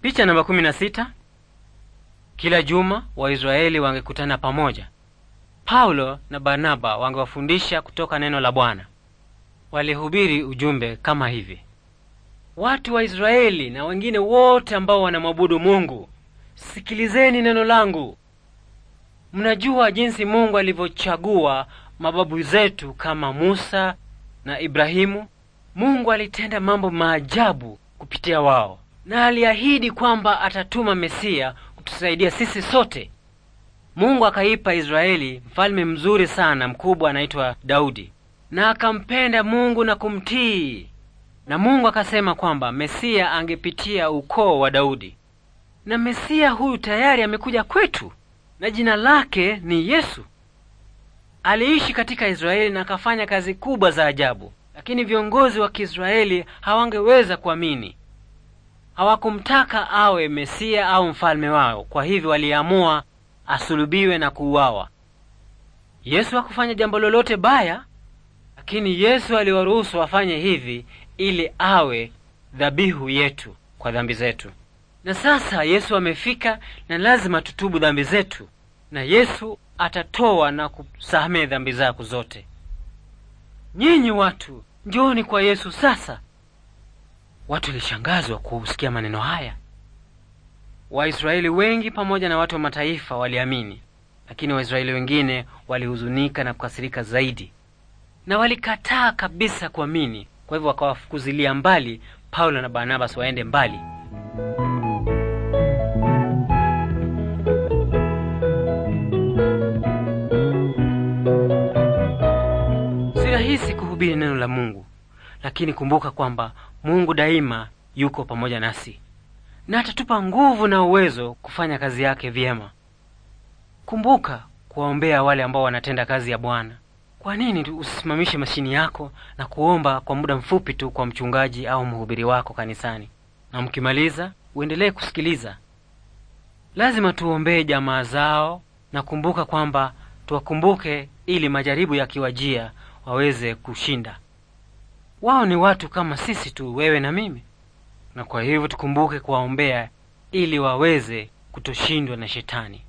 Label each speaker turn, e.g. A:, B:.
A: Picha namba kumi na sita. Kila juma Waisraeli wangekutana pamoja. Paulo na Barnaba wangewafundisha kutoka neno la Bwana. Walihubiri ujumbe kama hivi: watu wa Israeli na wengine wote ambao wanamwabudu Mungu, sikilizeni neno langu. Mnajua jinsi Mungu alivyochagua mababu zetu kama Musa na Ibrahimu. Mungu alitenda mambo maajabu kupitia wao na aliahidi kwamba atatuma Mesiya kutusaidia sisi sote. Mungu akaipa Israeli mfalme mzuri sana mkubwa, anaitwa Daudi, na akampenda Mungu na kumtii, na Mungu akasema kwamba Mesiya angepitia ukoo wa Daudi, na Mesiya huyu tayari amekuja kwetu na jina lake ni Yesu. Aliishi katika Israeli na akafanya kazi kubwa za ajabu, lakini viongozi wa Kiisraeli hawangeweza kuamini hawakumtaka awe Mesia au mfalme wao, kwa hivyo waliamua asulubiwe na kuuawa. Yesu hakufanya jambo lolote baya, lakini Yesu aliwaruhusu wafanye hivi ili awe dhabihu yetu kwa dhambi zetu. Na sasa Yesu amefika, na lazima tutubu dhambi zetu, na Yesu atatoa na kusamehe dhambi zako zote. Nyinyi watu, njooni kwa Yesu sasa. Watu walishangazwa kusikia maneno haya. Waisraeli wengi pamoja na watu wa mataifa waliamini, lakini Waisraeli wengine walihuzunika na kukasirika zaidi, na walikataa kabisa kuamini. Kwa hivyo wakawafukuzilia mbali Paulo na Barnabas waende mbali. Si rahisi kuhubiri neno la Mungu lakini kumbuka kwamba Mungu daima yuko pamoja nasi na atatupa nguvu na uwezo kufanya kazi yake vyema. Kumbuka kuwaombea wale ambao wanatenda kazi ya Bwana. Kwa nini usisimamishe mashini yako na kuomba kwa muda mfupi tu kwa mchungaji au mhubiri wako kanisani, na mkimaliza uendelee kusikiliza? Lazima tuombee jamaa zao, na kumbuka kwamba tuwakumbuke, ili majaribu yakiwajia waweze kushinda. Wao ni watu kama sisi tu, wewe na mimi, na kwa hivyo tukumbuke kuwaombea ili waweze kutoshindwa na shetani.